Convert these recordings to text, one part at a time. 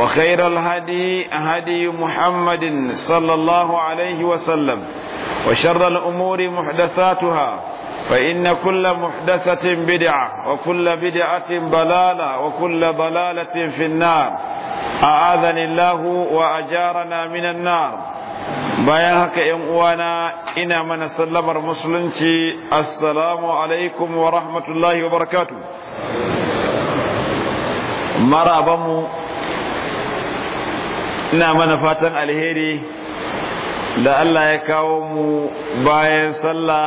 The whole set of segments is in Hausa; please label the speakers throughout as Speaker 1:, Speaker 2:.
Speaker 1: وخير الهدي هدي محمد صلى الله عليه وسلم وشر الأمور محدثاتها فإن كل محدثة بدعة وكل بدعة ضلالة وكل ضلالة في النار أعاذني الله وأجارنا من النار bayan haka ‘yan uwana ina mana sallamar musulunci assalamu alaikum wa rahmatullahi wa barakatu marabanmu ina mana fatan alheri da Allah ya kawo mu bayan sallah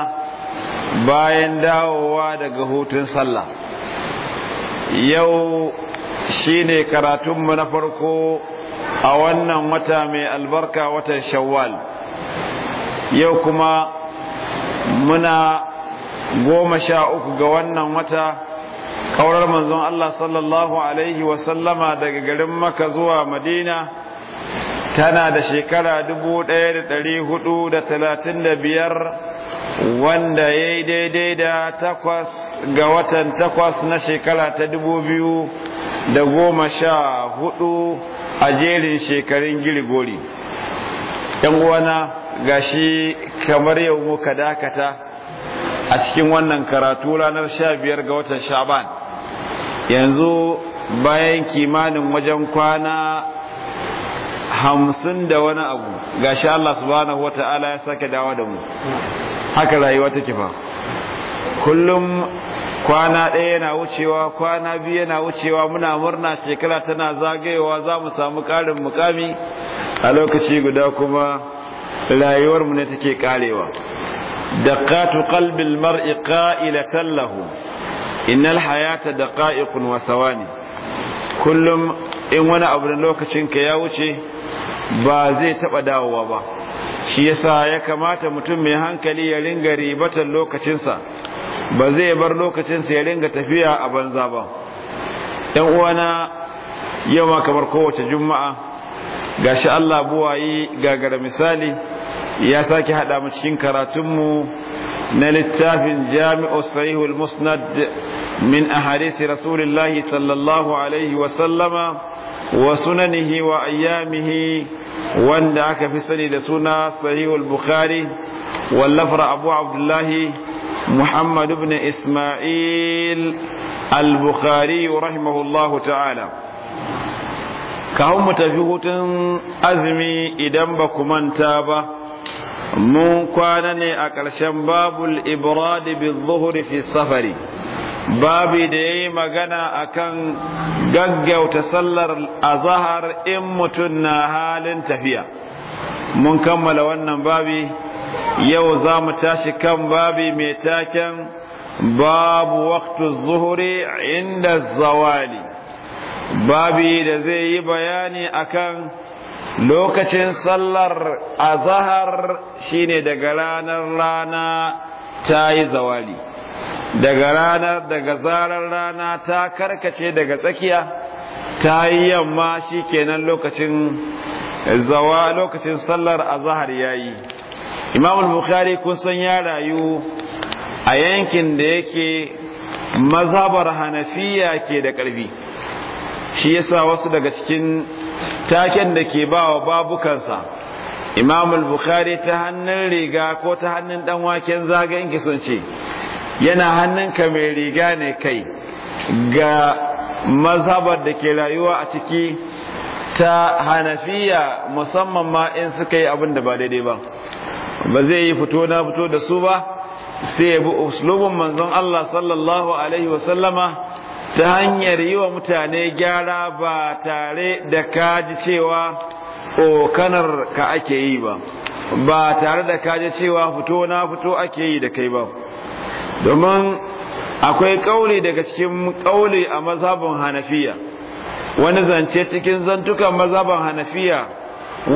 Speaker 1: bayan dawowa daga hutun sallah yau shine karatunmu na farko a wannan wata mai albarka watan shawwal yau kuma muna goma sha uku ga wannan wata kaurar manzon Allah sallallahu alaihi wasallama daga garin maka zuwa madina tana da shekara dubu ɗaya da ɗari hudu da talatin da biyar wanda ya yi daidai da takwas ga watan takwas na shekara ta dubu biyu da goma sha hudu a jerin shekarun girgori ‘yan uwana shi kamar yau muka dakata a cikin wannan karatu ranar sha biyar ga watan sha'ban yanzu bayan kimanin wajen kwana hamsin da wani abu ga shi Allah subhanahu wa ta'ala ya sake dawa da mu haka rayuwa take fa kullum kwana ɗaya yana wucewa kwana biyu yana wucewa muna murna shekara tana zagayewa za mu samu ƙarin mukami a lokaci guda kuma rayuwarmu ne take ƙarewa daqatu kalbin mar'i qa'ilatan lahu innal hayata daqa'iqun wa ne. kullum in wani abu da lokacin ka ya wuce ba zai taɓa dawowa ba shi yasa ya kamata mutum mai hankali ya ringa ribatar lokacinsa ba zai bar lokacinsa ya ringa tafiya a banza ba ‘yan uwana yau ma kamar kowace juma'a ga shi Allah buwayi gagara misali ya sake haɗa mu cikin karatunmu na littafin jami'u sahihul musnad min ahadisi rasulullahi sallallahu alaihi wasallama wa sunanihi wa ayyamihi wanda aka fi sani da suna sahihul bukhari wallafar abu abdullahi muhammad ibn isma'il al-bukhari rahimahullahu ta'ala kawun mu tafi hutun azumi idan ba ku manta ba mun kwana ne a ƙarshen babul ibradi bi zuhuri fi safari babi da ya yi magana akan gaggauta sallar azahar in mutum na halin tafiya mun kammala wannan babi yau za mu tashi kan babi mai taken babu waktu zuhuri inda zawali babi da zai yi bayani akan lokacin sallar azahar shine daga ranar rana ta yi zawali daga ranar daga zarar rana ta karkace daga tsakiya ta yi yamma shi kenan lokacin zawa lokacin sallar azahar ya yi imamul bukhari kusan ya rayu a yankin da yake mazhabar hanafiya ke da ƙarfi shi yasa wasu daga cikin taken da ke ba wa babukansa imamul bukhari ta hannun riga ko ta hannun ɗan waken zagayen kisance ce yana hannunka mai riga ne kai ga mazhabar da ke rayuwa a ciki ta hanafiya musamman ma in suka yi abin da ba daidai ba ba zai yi fito na fito da su ba sai ya bi uslubin manzon Allah sallallahu alaihi wasallama ta hanyar yi wa mutane gyara ba tare da kaji cewa tsokanar ka ake yi ba ba tare da kaji cewa fito na fito ake yi da kai ba domin akwai kauli daga cikin kauli a mazhabin hanafiya wani zance cikin zantukan mazhabin hanafiya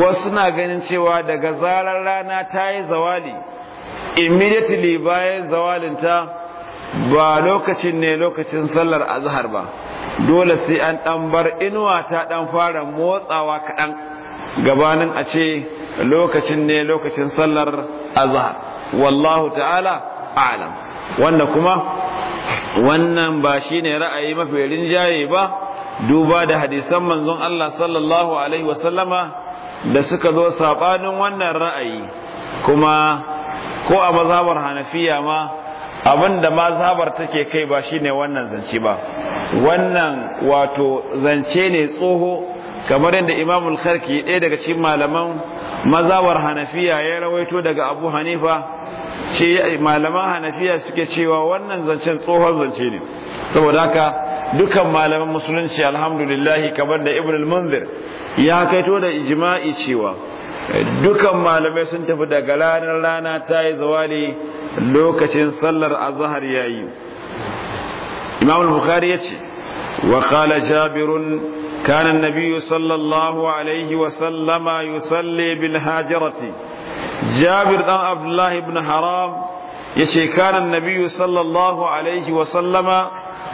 Speaker 1: wasu na ganin cewa daga zarar rana ta yi zawali immediately bayan zawalinta ba lokacin ne lokacin sallar azhar ba dole sai an dan bar inuwa ta dan fara motsawa kaɗan gabanin a ce lokacin ne lokacin sallar azhar wallahu ta'ala a'lam wanda kuma wannan ba shine ra'ayi mafi rinjaye ba duba da hadisan manzon Allah sallallahu alaihi wasallama da suka zo sabanin wannan ra'ayi kuma ko a mazhabar hanafiya ma abinda mazhabar take kai ba shine wannan zance ba wannan wato zance ne tsoho kamar yadda imam al-kharki ɗaya daga cikin malaman mazawar hanafiya ya rawaito daga abu hanifa shi malaman hanafiya suke cewa wannan zancen tsohon zance ne saboda haka dukan malaman musulunci alhamdulillahi kamar da ibn al-munzir ya kaito da ijma'i cewa dukan malamai sun tafi daga ranar rana ta yi zawali lokacin sallar azhar yayi imam al-bukhari yace wa qala jabirun كان النبي صلى الله عليه وسلم يصلي بالهاجره jabir dan abdullahi ibn haram ya ce kanan nabiyu sallallahu alaihi wa sallama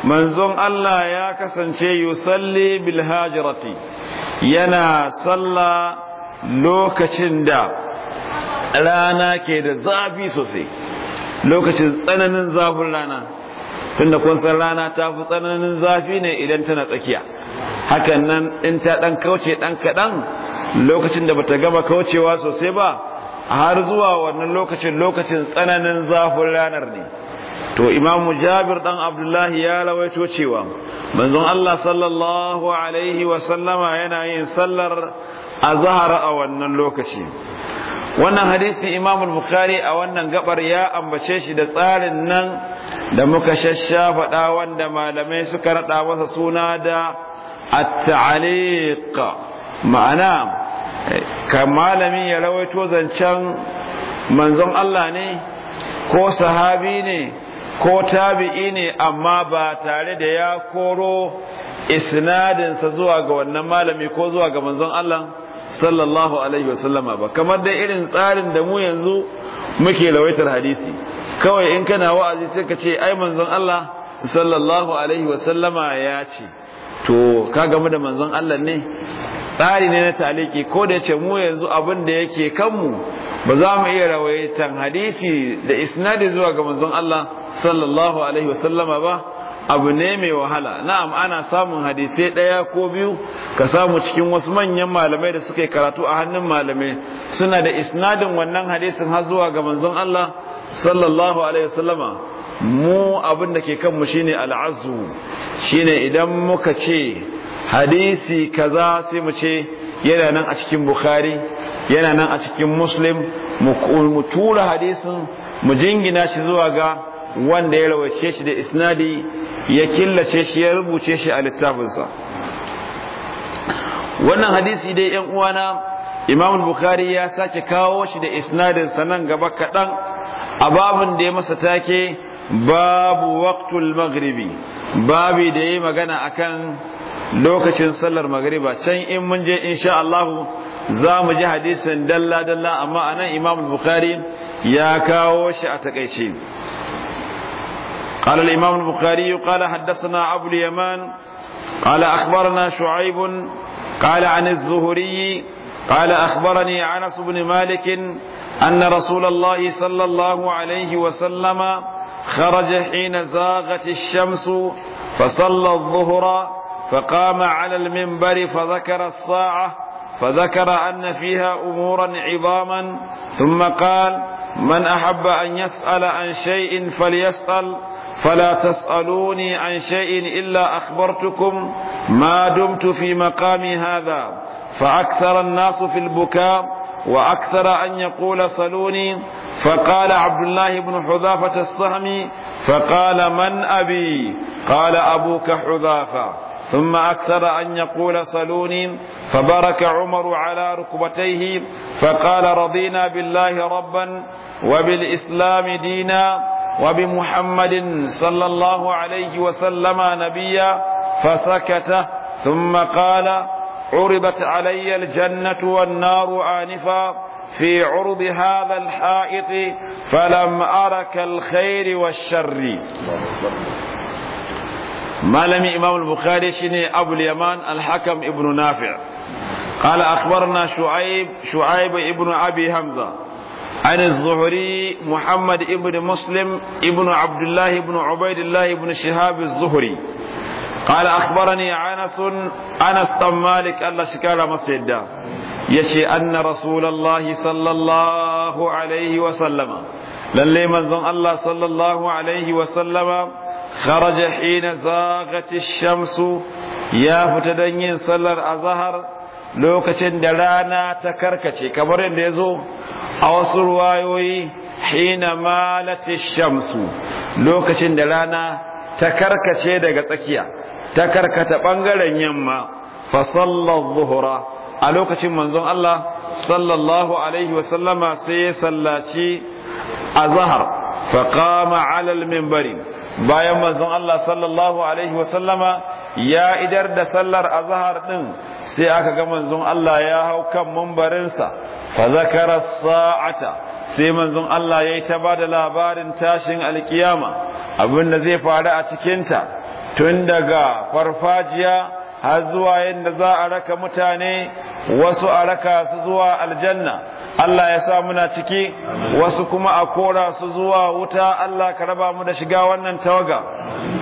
Speaker 1: manzon Allah ya kasance yusalli bil hajrati yana sallah lokacin da rana ke da zafi sosai lokacin tsananin zafin rana tunda kun san rana ta fi tsananin zafi ne idan tana tsakiya hakan nan in ta ɗan kauce dan kadan lokacin da bata gama kaucewa sosai ba har zuwa wannan lokacin lokacin tsananin zafin ranar ne to imamu jabir dan abdullahi ya rawaito cewa manzon Allah sallallahu alaihi wa sallama yana yin sallar azhar a wannan lokaci wannan hadisi imamu bukhari a wannan gabar ya ambace shi da tsarin nan da muka shashafa wanda malamai suka rada masa suna da at-ta'liq ma'ana ka malamin ya rawaito zancen manzon Allah ne ko sahabi ne ko tabi'i ne amma ba tare da ya koro isnadinsa zuwa ga wannan malami ko zuwa ga manzon Allah sallallahu alaihi wasallama ba kamar da irin tsarin da mu yanzu muke rawaitar hadisi kawai in kana wa'azi sai ka ce ai manzon Allah sallallahu alaihi wasallama ya ce to ka gamu da manzon Allah ne tsari ne na taliki ko da yace mu yanzu abin da yake kanmu ba za mu iya rawaitan hadisi da isnadi zuwa ga manzon Allah sallallahu alaihi wasallama ba abu ne mai wahala na'am ana samun hadisai ɗaya ko biyu ka samu cikin wasu manyan malamai da suka yi karatu a hannun malamai suna da isnadin wannan hadisin har zuwa ga manzon Allah sallallahu alaihi wasallama mu abin da ke kanmu shine al'azu shine idan muka ce hadisi kaza sai mu ce yana nan a cikin bukhari yana nan a cikin muslim mu tura hadisin mu jingina shi zuwa ga wanda ya rawace shi da isnadi ya killace shi ya rubuce shi a littafinsa wannan hadisi dai yan uwana imam bukhari ya sake kawo shi da isnadin nan gaba kaɗan a babin da ya masa take babu waqtul maghribi babi da ya magana akan lokacin sallar magariba can in mun je insha Allah za mu ji hadisin dalla dalla amma anan Imam Bukhari ya kawo shi a takeice قال الإمام البخاري قال حدثنا أبو اليمان قال أخبرنا شعيب قال عن الزهري قال أخبرني عنس بن مالك أن رسول الله صلى الله عليه وسلم خرج حين زاغت الشمس فصلى الظهر فقام على المنبر فذكر الساعة فذكر أن فيها أمورا عظاما ثم قال من أحب أن يسأل عن شيء فليسأل فلا تسألوني عن شيء إلا أخبرتكم ما دمت في مقامي هذا فأكثر الناس في البكاء وأكثر أن يقول صلوني فقال عبد الله بن حذافة الصهمي فقال من أبي قال أبوك حذافة ثم أكثر أن يقول صلوني فبارك عمر على ركبتيه فقال رضينا بالله ربا وبالإسلام دينا وبمحمد صلى الله عليه وسلم نبيا فسكت ثم قال عرضت علي الجنة والنار آنفا في عرض هذا الحائط فلم أرك الخير والشر malami imam al-bukhari shine abul yaman al-hakam ibn nafi' قال أخبرنا شعيب شعيب ابن أبي حمزة عن الزهري محمد ابن مسلم ابن عبد الله ابن عبيد الله ابن شهاب الزهري قال أخبرني أنس أنس بن مالك الله شكال مسجدا يشي أن رسول الله صلى الله عليه وسلم للي من الله صلى الله عليه وسلم خرج حين ya fita يا yin صلى azahar lokacin da rana ta karkace kamar yadda ya zo a wasu ruwayoyi hina malati shamsu lokacin da rana ta karkace daga tsakiya ta karkata bangaren yamma fa sallar zuhura a lokacin manzon Allah sallallahu alaihi wasallama sai ya sallaci azahar. faqama alal minbari bayan manzon Allah sallallahu alaihi wasallama ya idar da sallar azhar din sai aka ga manzon Allah ya hau kan mambarinsa. fa zakara sa'ata sai manzon Allah yayi ta bada labarin tashin alkiyama da zai faru a cikin ta tun daga farfajiya har zuwa yadda za a raka mutane wasu a raka su zuwa aljanna Allah ya sa muna ciki wasu kuma a kora su zuwa wuta Allah ka raba mu da shiga wannan tawaga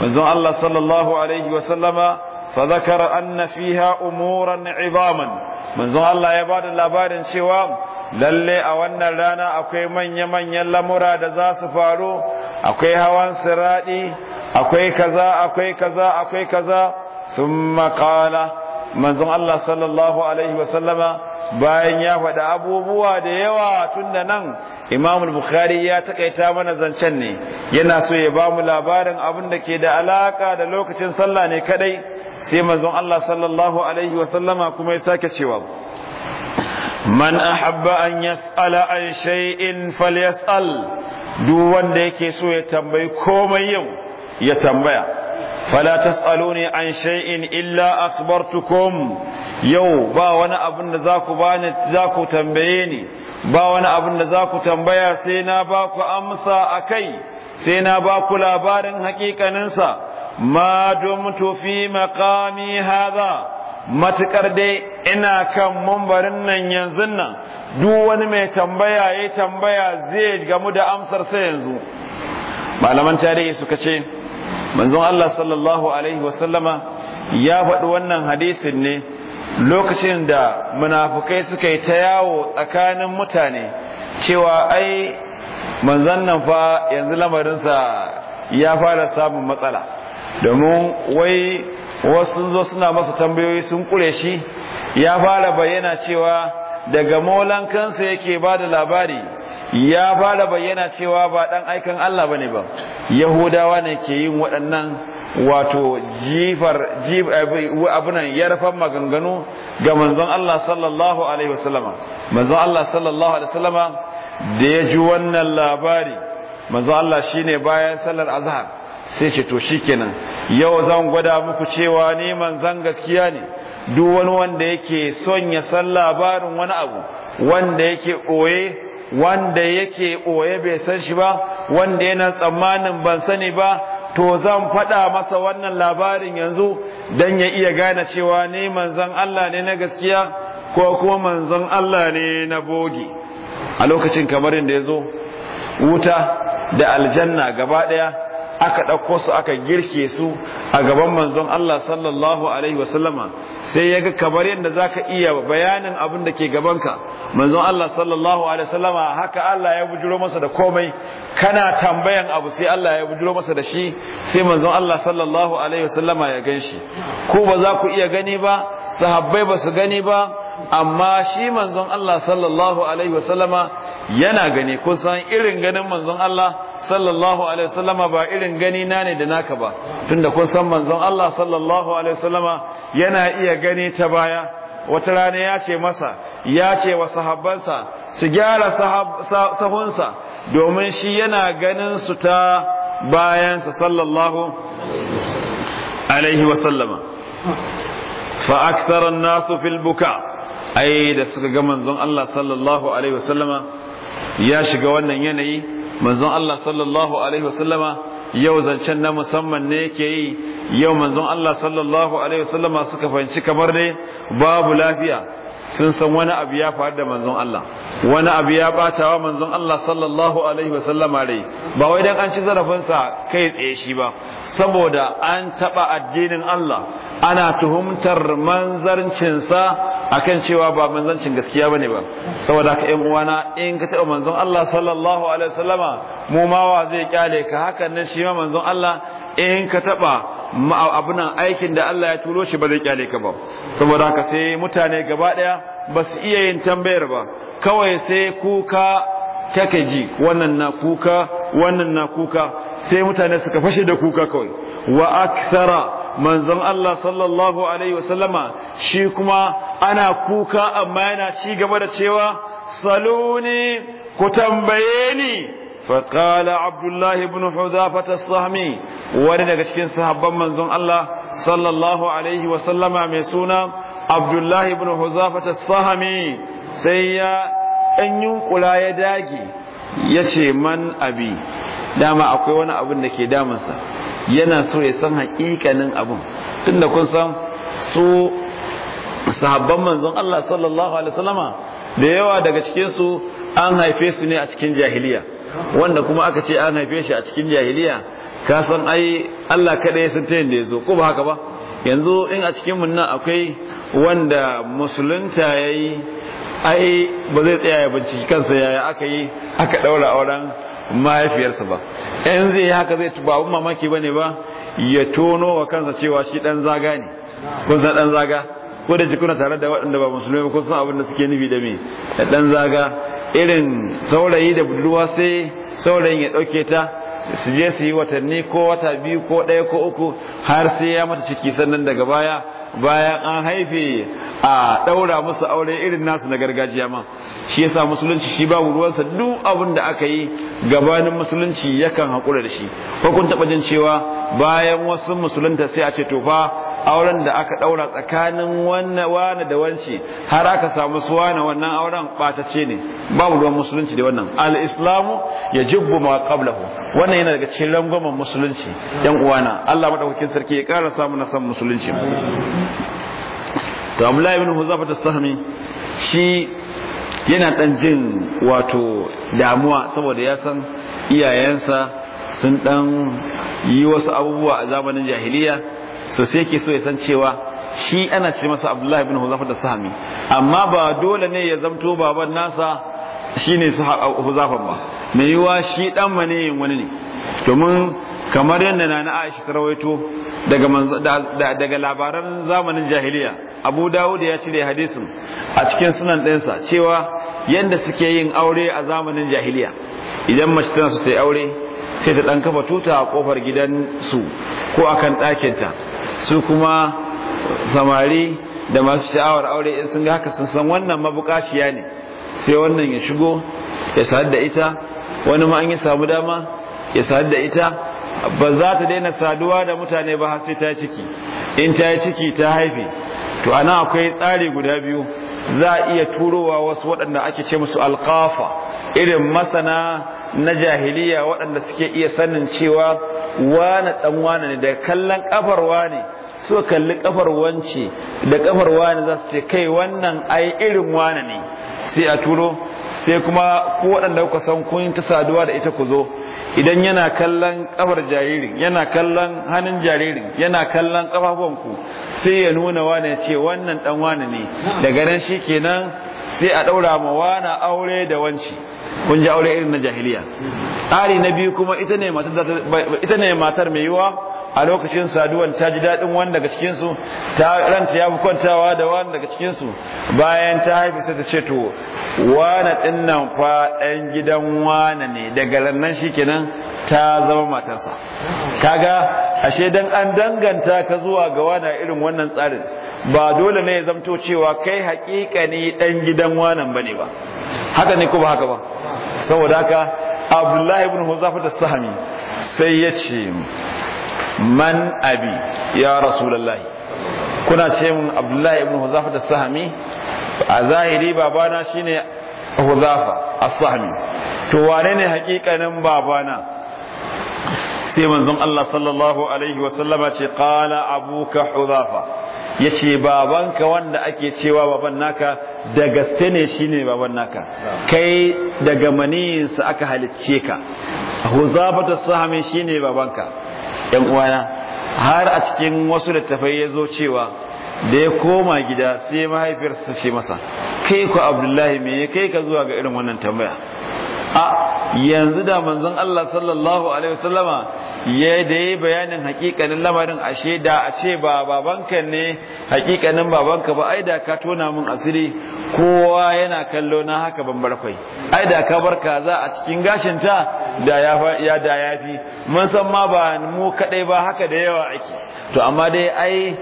Speaker 1: manzon Allah sallallahu alaihi wa sallama fa zakara anna fiha umuran izaman manzon Allah ya bada labarin cewa lalle a wannan rana akwai manya-manyan lamura da za su faru akwai hawan siradi akwai kaza akwai kaza akwai kaza thumma qala manzon Allah sallallahu alaihi wasallama bayan ya faɗi abubuwa da yawa tunda nan Imam al-Bukhari ya taƙaita mana zancen ne yana so ya bamu labarin abin da ke da alaƙa da lokacin sallah ne kadai sai manzon Allah sallallahu alaihi sallama kuma ya sake cewa man ahabba an yas'ala an shay'in falyas'al duk wanda yake so ya tambayi komai yau ya tambaya fala ne an shay'in illa akhbartukum yau ba wani abin da zaku bani zaku tambaye ni ba wani abin da zaku tambaya sai na baku amsa a kai, sai na baku labarin hakikanin sa ma dumtu fi maqami matukar dai ina kan mambarin nan yanzu nan duk wani mai tambaya ya tambaya zai gamu da amsarsa yanzu malaman tarihi suka ce manzon Allah sallallahu alaihi wasallama ya faɗi wannan hadisin ne lokacin da munafukai suka yi ta yawo tsakanin mutane cewa ai manzon nan fa yanzu lamarinsa ya fara samun matsala domin wai wasu zo suna masa tambayoyi sun kure shi ya fara bayyana cewa daga maulan kansa yake ba da labari ya ba da bayyana cewa ba dan aikan Allah ba ne ba yahudawa ne ke yin waɗannan wato jifar abinan yarfan maganganu ga manzon Allah sallallahu alaihi wasallama manzon Allah sallallahu alaihi wasallama da ya ji wannan labari manzon Allah shine bayan sallar azhar sai ce to shikenan yau zan gwada muku cewa ni manzan gaskiya ne duk wani wanda yake son ya san labarin wani abu wanda yake ɓoye wanda yake ɓoye bai san shi ba wanda yana tsammanin ban sani ba to zan faɗa masa wannan labarin yanzu don ya iya gane cewa ni manzan Allah ne na gaskiya ko kuma manzan Allah ne na bogi a lokacin kamar da ya zo wuta da aljanna gaba ɗaya aka ɗauko su aka girke su a gaban manzon Allah sallallahu alaihi wasallama sai ya ga kamar yadda za ka iya bayanin abin da ke gabanka manzon Allah sallallahu alaihi wasallama haka Allah ya bujuro masa da komai kana tambayan abu sai Allah ya bujuro masa da shi sai manzon Allah sallallahu alaihi wasallama ya gan shi ku ba za ku iya gani ba sahabbai ba su gani ba amma shi manzon Allah sallallahu alaihi wasallama yana gani kusan irin ganin manzon Allah sallallahu alaihi wasallama ba irin gani na ne da naka ba tunda kun san manzon Allah sallallahu alaihi wasallama yana iya gani ta baya wata rana ya ce masa ya ce wa sahabbansa su gyara sahunsa domin shi yana ganin su ta bayansa sallallahu alaihi wasallama fa aktsara an-nasu fil buka ai da suka ga manzon Allah sallallahu alaihi wasallama ya shiga wannan yanayi manzon Allah sallallahu alaihi wasallama yau zancen na musamman ne yake yi yau manzon Allah sallallahu alaihi wasallama suka fahimci kamar ne babu lafiya sun san wani abu ya faru da manzon Allah wani abu ya batawa manzon Allah sallallahu alaihi wasallama rai ba wai dan an ci zarafin sa kai tsaye shi ba saboda an taɓa addinin Allah ana tuhumtar sa akan cewa ba manzancin gaskiya bane ba saboda haka uwana in ka taɓa manzon Allah sallallahu alaihi wasallama mu ma zai kyale ka hakan nan shi ma manzon Allah in ka taɓa abunan aikin da Allah ya turo shi ba zai kyale ka ba saboda haka sai mutane gaba ɗaya ba su iya yin tambayar ba kawai sai kuka kake ji wannan na kuka wannan na kuka sai mutane suka fashe da kuka kawai wa akthara manzon Allah sallallahu alaihi wasallama shi kuma ana kuka amma yana ci gaba da cewa saluni ku tambaye ni faqala abdullah ibn hudhafah as-sahmi wani daga cikin sahabban manzon Allah sallallahu alaihi wasallama mai suna Abdullahi ibn hudhafah as-sahmi sai ya ɗan yunkula ya dage ya ce man abi dama akwai wani abin da ke damunsa yana so ya san haƙiƙanin abin da kun san su sahabban manzon Allah sallallahu alaihi wasallama da yawa daga cikin su an haife su ne a cikin jahiliya wanda kuma aka ce an haife shi a cikin jahiliya ka san ai Allah kada ya san ta yanda yazo ko ba haka ba yanzu in a cikin mun nan akwai wanda musulunta yayi ai ba zai tsaya ya binciki kansa yaya aka yi aka daura auren mahaifiyarsa ba yan zai haka zai ba abin mamaki ba ne ba ya tono wa kansa cewa shi dan zaga ne kun san dan zaga ko da kuna tare da waɗanda ba musulmai ba kun san abin da suke nufi da me da dan zaga irin saurayi da budurwa sai saurayin ya ɗauke ta su je su yi watanni ko wata biyu ko ɗaya ko uku har sai ya mata ciki sannan daga baya bayan an haife a ɗaura musu aure irin nasu na gargajiya ma shi yasa musulunci shi babu ruwansa duk abin da aka yi gabanin musulunci yakan haƙura da shi ko kun taɓa jin cewa bayan wasu musulunta sai a ce to fa auren da aka daura tsakanin wannan wani da wance har aka samu su wani wannan auren batace ne babu ruwan musulunci da wannan al-islamu ya jibbu ma qablahu wannan yana daga cikin rangwamen musulunci yan uwana Allah madaukakin sarki ya ƙara samu na san musulunci to Abdullahi ibn Huzafa as-Sahmi shi yana dan jin wato damuwa saboda ya san iyayensa sun dan yi wasu abubuwa a zamanin jahiliya su sai yake so ya san cewa shi ana ce masa abdullahi ibn huzafa da sahami amma ba dole ne ya zamto baban nasa shine su huzafa ba mai yiwa shi dan maniyin wani ne domin kamar yadda na aisha ta rawaito daga labaran zamanin jahiliya abu dawud ya cire hadisin a cikin sunan ɗinsa cewa yadda suke yin aure a zamanin jahiliya idan mace tana su ta yi aure sai ta ɗan kafa tuta a ƙofar gidansu ko a kan ɗakinta su kuma samari da masu sha'awar aure in sun ga haka sun san wannan mabukaciya ne sai wannan ya shigo ya sadu da ita wani ma an yi samu dama ya sadu da ita ba za ta daina saduwa da mutane ba har sai ta ciki in ta ciki ta haife to ana akwai tsari guda biyu za a iya turowa wasu waɗanda ake ce musu alƙafa irin masana na jahiliya waɗanda suke iya sanin cewa wane ɗan wane ne Da kallon ƙafar wane suka kalli ƙafar wance da ƙafar wane za su ce kai wannan ai irin wane ne sai a turo sai kuma ku waɗanda kuka san kun ta saduwa da ita ku zo idan yana kallon kafar jaririn yana kallon hannun jaririn yana kallon kafafuwan ku sai ya nuna wane ya ce wannan ɗan wane ne daga nan shi kenan sai a daura ma wana aure da wanci kun ji aure irin na jahiliya tsari na biyu kuma ita ne matar mai yiwa a lokacin saduwan ta ji daɗin wani daga cikinsu ta ranta ya fi kwantawa da wani daga cikinsu bayan ta haifi sai ta ce to wani ɗin nan fa ɗan gidan wani ne daga rannan shi kenan ta zama matarsa kaga ashe dan an danganta ka zuwa ga wana irin wannan tsarin ba dole ne ya zamto cewa kai haƙiƙa ne ɗan gidan wanan bane ba haka ne ko ba haka ba saboda haka abdullahi ibn huzafa da sahami sai ya ce man abi ya rasulallah. kuna ce mun abdullahi ibn huzafa da sahami a zahiri babana shine huzafa as-sahmi to wane ne hakikanin babana sai manzon Allah sallallahu alaihi wa sallama ce qala abuka huzafa yace babanka wanda ake cewa baban naka da gaske ne shine baban naka kai daga maniyinsa aka halicce ka huzafa as-sahmi shine babanka yan uwana har a cikin wasu littafai ya zo cewa da ya koma gida sai mahaifiyarsa ta ce masa kai ku abdullahi me kai ka zuwa ga irin wannan tambaya a yanzu da manzon Allah sallallahu alaihi wasallama ya da yi bayanin hakikanin lamarin ashe da a ce ba babanka ne hakikanin babanka ba ai da ka tona min asiri kowa yana kallo na haka ban barkwai ai da ka bar kaza a cikin gashin ta da ya ya da yafi mun san ma ba mu kadai ba haka da yawa ake to amma dai ai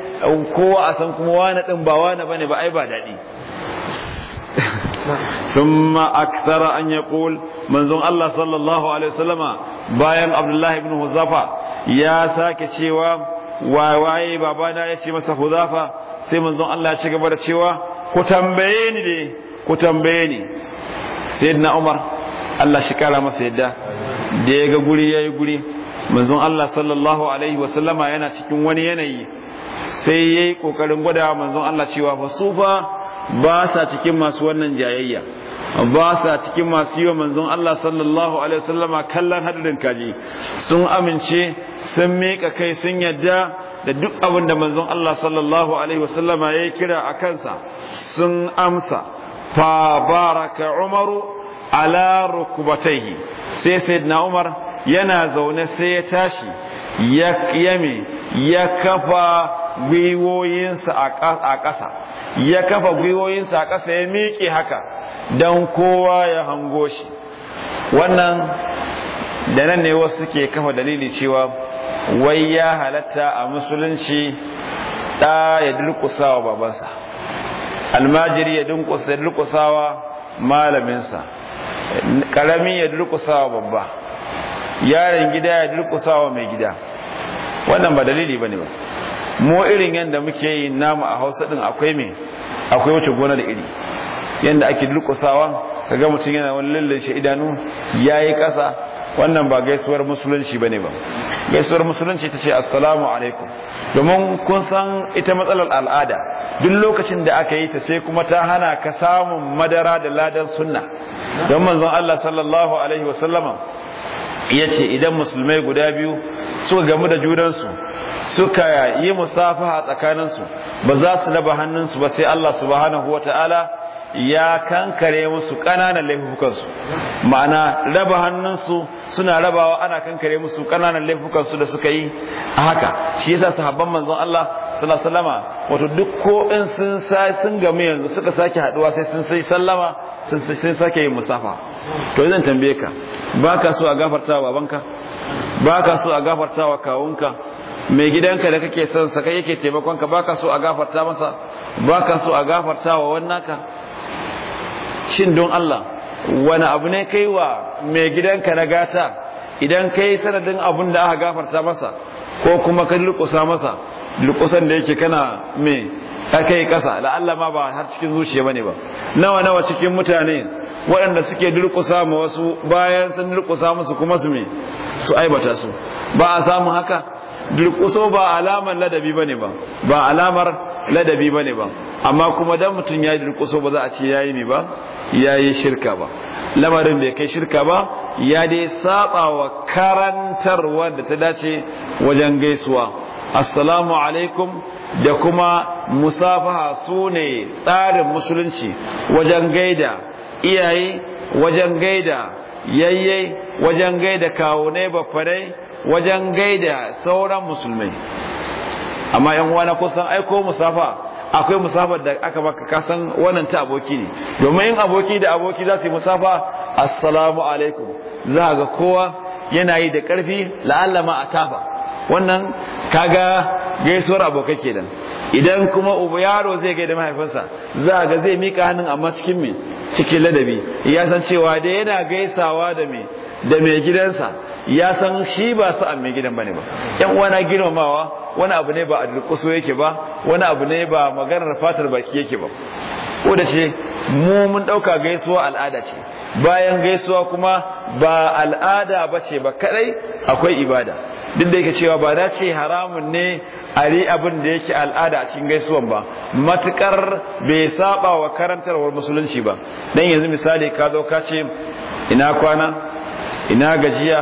Speaker 1: kowa a san kuma wani din ba wani bane ba ai ba dadi thumma akthara an yaqul manzon Allah sallallahu alaihi wasallama bayan Abdullahi ibn Huzafa ya sake cewa wawaye babana ya ce masa Huzafa sai manzon Allah ya ci gaba da cewa ku tambaye ni dai ku tambaye ni sayyidina Umar Allah shi kara masa yadda da ya ga guri yayi guri manzon Allah sallallahu alaihi wasallama yana cikin wani yanayi sai yayi kokarin gwada manzon Allah cewa fa ba sa cikin masu wannan jayayya ba sa cikin masu yi wa manzon Allah sallallahu alaihi wasallama kallon hadarin kaji sun amince sun miƙa kai sun yadda da duk abin da manzon Allah sallallahu alaihi wasallama ya kira a kansa sun amsa fa baraka umaru ala rukbatayhi sai sayyidina umar yana zaune sai ya tashi ya yame ya kafa gwiwoyinsa a ƙasa ya kafa gwiwoyinsa a ƙasa ya miƙe haka don kowa ya hango shi wannan da nan ne wasu suke kafa dalili cewa wai ya halatta a musulunci ɗa ya dulkusawa babansa almajiri ya dulkusawa malaminsa ƙarami ya dulkusawa babba yaron gida ya dulkusawa mai gida wannan ba dalili ba ne ba mu irin yadda muke yi namu a hausa din akwai me akwai wuce gona da iri yadda ake ka kaga mutum yana wani lallace idanu ya yi ƙasa. wannan ba gaisuwar musulunci ba ne ba gaisuwar musulunci ce assalamu alaikum domin kun san ita matsalar al'ada duk lokacin da aka yi ta sai kuma ta hana ka samun madara da ladan sunna don manzon Allah sallallahu alaihi wasallama ce idan musulmai guda biyu suka gamu da junansu suka yi musafaha tsakaninsu ba za su raba hannunsu ba sai Allah subhanahu ta'ala ya kankare musu ƙananan laifukansu ma'ana raba hannunsu suna rabawa ana kankare musu ƙananan laifukansu da suka yi a haka shi yasa habban manzon Allah sallallahu alaihi wato duk ko in sun sai sun gamu yanzu suka sake haduwa sai sun sai sallama sun sai sake yin musafa to zan tambaye ka baka so a gafartawa babanka baka so a gafartawa kawunka mai gidanka da kake son sa kai yake taimakon ka baka so a gafarta masa baka so a gafarta wa wannan ka shin don Allah wani abu ne kai wa mai gidanka na gata idan kai sanadin abun da aka gafarta masa ko kuma ka lukusa masa lukusan da yake kana me akai kai kasa Allah ma ba har cikin zuciya bane ba nawa nawa cikin mutane waɗanda suke durkusa ma wasu bayan sun durkusa musu kuma su me su aibata su ba a samu haka durkuso ba alamar ladabi bane ba ba alamar ladabi bane ba amma kuma dan mutun yi durkuso ba za a ce yayi ne ba yayi shirka ba lamarin bai kai shirka ba ya dai saba wa karantarwa da ta dace wajen gaisuwa assalamu alaikum da kuma musafaha sune tsarin musulunci wajen gaida iyaye wajen gaida yayye wajen gaida kawunai bakwarai wajen gaida sauran musulmai amma yan uwana kusan aiko musafa akwai musafar da aka baka kasan wannan ta aboki ne domin in aboki da aboki za su yi musafa assalamu alaikum za ga kowa yana yi da karfi la'allama atafa a tafa wannan kaga gaisuwar abokai kenan idan kuma uba yaro zai gaida mahaifinsa za a ga zai mika hannun amma cikin mai cikin ladabi ya san cewa da yana gaisawa da mai da mai gidansa ya san shi ba sa'an mai gidan bane ba yan uwana girmamawa wani abu ne ba a durkuso yake ba wani abu ne ba maganar fatar baki yake ba ko da ce mu mun dauka gaisuwa al'ada ce bayan gaisuwa kuma ba al'ada ba ce ba kadai akwai ibada duk da yake cewa ba da ce haramun ne ari abin da yake al'ada a cikin gaisuwan ba matukar bai saba wa karantarwar musulunci ba dan yanzu misali ka zo ka ce ina kwana ina gajiya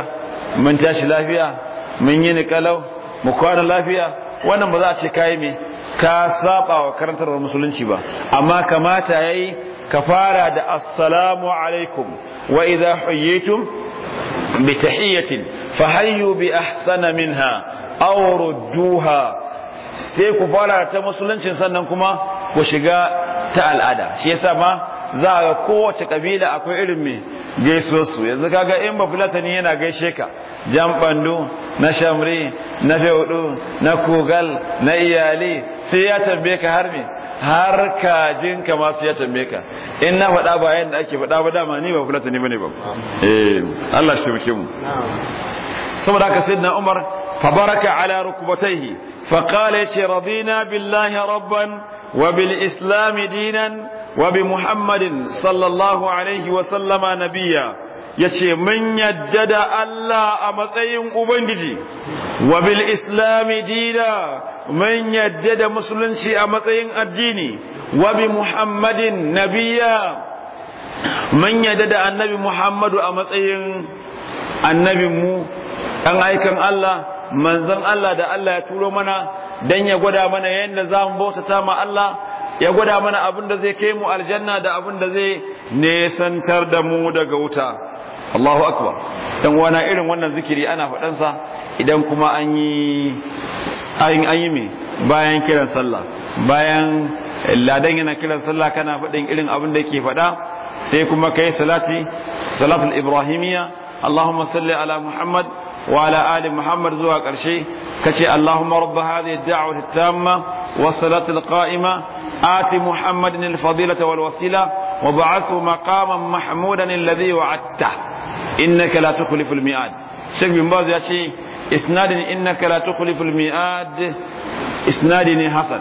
Speaker 1: mun tashi lafiya mun yi ni mu kwana lafiya wannan ba za a ce kai me ka saba wa karantarwar musulunci ba amma kamata yayi ka fara da assalamu alaikum wa idha huyitum bi tahiyatin hayyu bi ahsana minha duha sai ku fara ta musuluncin sannan kuma ku shiga ta al'ada shi yasa ma za ga kowace kabila akwai irin mai gaiso su yanzu kaga in ba fulatani yana gaishe ka jan bandu na shamri na feudu na kogal na iyali sai ya tambaye ka har me har kajin ka ma sai ya tambaye ka in na faɗa ba yadda ake faɗa ba dama ni ba fulatani bane ba eh Allah shi mu saboda haka da Umar فبرك على ركبتيه فقال رضينا بالله ربا وبالإسلام دينا وبمحمد صلى الله عليه وسلم نبيا yace mun yadda da Allah a matsayin Ubangiji wa bil islami dina mun yadda da musulunci a matsayin addini wa bi Muhammadin nabiya mun yadda da annabi Muhammadu a matsayin annabinmu ɗan aikan Allah manzon Allah da Allah ya turo mana dan ya gwada mana yadda za mu bautata ma Allah ya gwada mana abin da zai kai mu aljanna da abin da zai nesantar da mu daga wuta Allahu akbar dan wana irin wannan zikiri ana faɗan sa idan kuma an yi an yi me bayan kiran sallah bayan ladan yana kiran sallah kana faɗin irin abin da yake faɗa sai kuma kai salati salatul ibrahimiyya Allahumma salli ala Muhammad وعلى آل محمد زوا قرشي كشي اللهم رب هذه الدعوة التامة والصلاة القائمة آت محمد الفضيلة والوسيلة وبعثه مقاما محمودا الذي وعدته إنك لا تخلف الميعاد شيخ بن باز يأتي إسناد إنك لا تخلف الميعاد إسناد حسن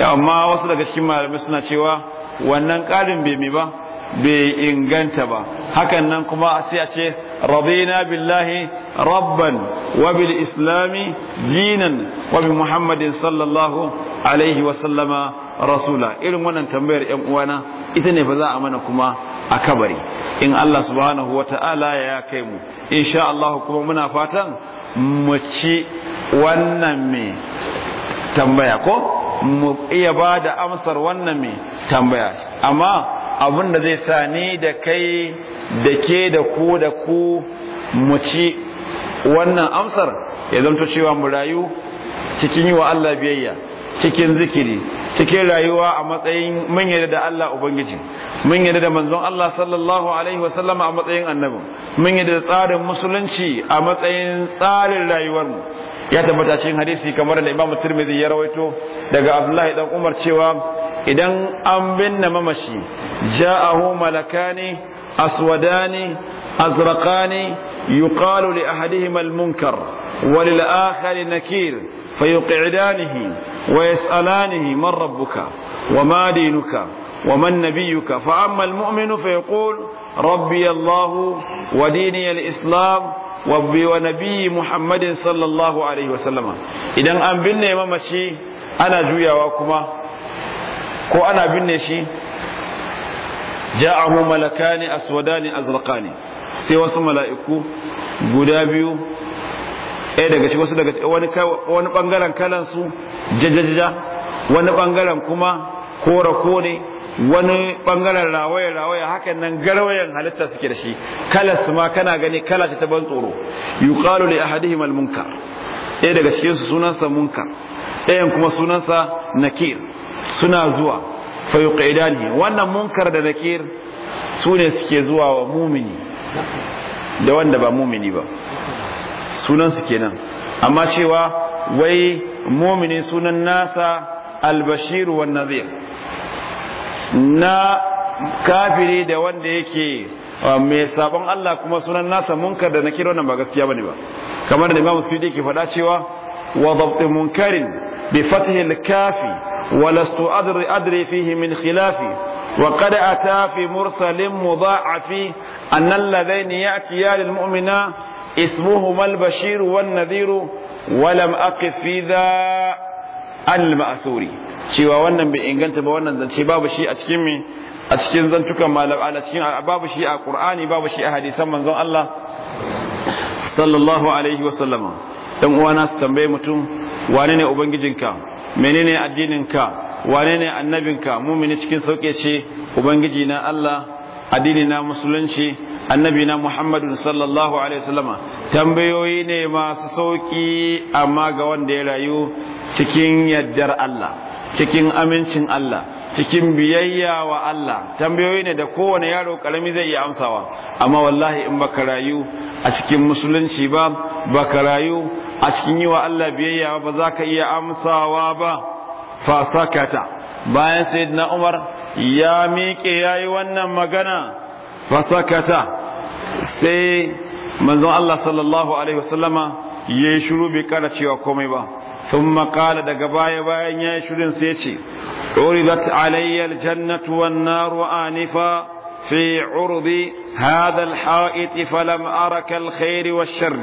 Speaker 1: يا ما وصلك الشمال مسنا شوا wannan ƙarin bai mi ba bai inganta ba hakan nan kuma sai a ce rabina billahi rabban wa bil islami jinan wa bi muhammadin sallallahu alaihi wa sallama rasula irin wannan tambayar yan uwana ita ne ba za a mana kuma a kabari in Allah subhanahu wa ta'ala ya kai mu insha Allah kuma muna fatan mu ci wannan me tambaya ko mu iya ba da amsar wannan me tambaya amma abin da zai sa ni da kai da ke da ku da ku mu ci wannan amsar ya zanto cewa mu rayu cikin yi wa Allah biyayya cikin zikiri cikin rayuwa a matsayin mun yarda da Allah ubangiji mun yi da manzon Allah sallallahu alaihi wasallama a matsayin annabi mun yi da tsarin musulunci a matsayin tsarin rayuwarmu ya tabbata cikin hadisi kamar da Imam Tirmidhi ya rawaito daga Abdullahi dan Umar cewa idan an binne mamashi ja'ahu malakani aswadani azraqani yuqalu li ahadihima al-munkar wa lil akhari nakir fayuq'idanihi wa yas'alanihi man rabbuka wa ma dinuka ومن نبيك fa المؤمن فيقول ربي الله وديني الإسلام wa bi wa nabi muhammadin sallallahu alaihi wasallama idan an binne mamaci ana juyawa kuma ko ana binne shi ja'ahu malakani aswadani azraqani sai wasu mala'iku guda biyu ɗaya daga wasu daga wani wani bangaren kalan su jajaja wani bangaren kuma kore kore wani bangaren rawaya rawaya hakan nan garwayan halitta suke da shi kalas ma kana gani kala ta ban tsoro yuqalu li ahadihim al munkar ɗaya daga cikin su sunansa munkar ɗayan kuma sunansa nakir suna zuwa fa yuqidani wannan munkar da nakir sune suke zuwa wa mumini da wanda ba mumini ba sunan su kenan amma cewa wai mumini sunan nasa al albashiru wan nadhir na kafiri da wanda yake ah, mai sabon Allah kuma sunan nasa munkar da na kira wannan ba gaskiya bane ba kamar da Imam Suyuti yake faɗa cewa wa dhabt munkarin bi fathi al-kafi wa lastu adri adri fihi min khilafi wa qad ata fi mursalin mudha'afi an alladhayni ya'tiya lil mu'mina ismuhuma al-bashir wan nadhir wa lam aqif fi dha al mathuri cewa wannan bai inganta ba wannan zance babu shi a cikin me a cikin zantukan malam ala cikin babu shi a qur'ani babu shi a hadisan manzon Allah sallallahu alaihi wa sallama dan uwana su tambaye mutum wane ne ubangijinka menene addininka wane ne annabinka mumini cikin sauke ce ubangiji na Allah addini na musulunci annabi na Muhammadu sallallahu alaihi wasallama tambayoyi ne masu sauki amma ga wanda ya rayu cikin yaddar Allah cikin amincin Allah cikin biyayya wa Allah tambayoyi ne da kowane yaro karami zai iya amsawa amma wallahi in baka rayu a cikin musulunci ba baka rayu a cikin yi wa Allah biyayya ba za ka iya amsawa ba fa sakata bayan sayyidina Umar ya miƙe yayi wannan magana fa sakata sai manzon Allah sallallahu alaihi wasallama yayi shiru bai karacewa cewa komai ba ثم maƙala daga baya bayan yayin shirin sai ce uridat alayya aljannatu wan nar wa anifa fi urdi hadha alha'it falam araka alkhair washarr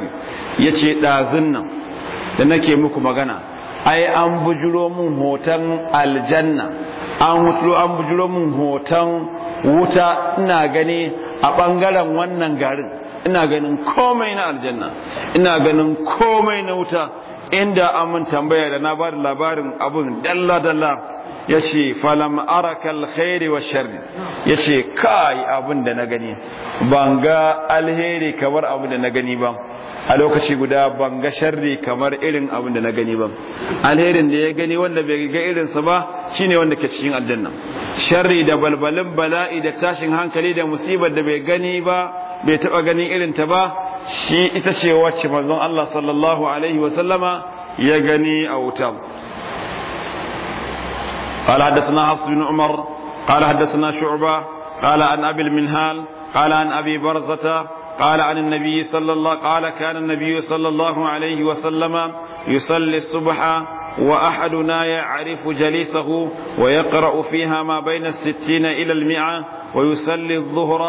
Speaker 2: yace dazin
Speaker 1: nan da nake muku magana ai an bujuro mun hoton aljanna an wuto an bujuro mun hoton wuta ina gani a bangaren wannan garin ina ganin komai na aljanna ina ganin komai na wuta inda amin tambaya da na ba da labarin abun dalla-dalla ya ce falam arakal khairi wa sharri ya ce kai abin da na gani ban ga alheri kamar abin da na gani ba a lokaci guda ban ga sharri kamar irin abin da na gani ba alherin da ya gani wanda bai ga irinsa ba shine wanda ke cikin aljanna sharri da balbalin bala'i da tashin hankali da musibar da bai gani ba bai taɓa ganin irinta ba shi ita ce wacce manzon Allah sallallahu alaihi wasallama ya gani a wuta قال حدثنا حفص بن عمر قال حدثنا شعبة قال عن أبي المنهال قال عن أبي برزة قال عن النبي صلى الله قال كان النبي صلى الله عليه وسلم يصلي الصبح وأحدنا يعرف جليسه ويقرأ فيها ما بين الستين إلى المئة ويصلي الظهر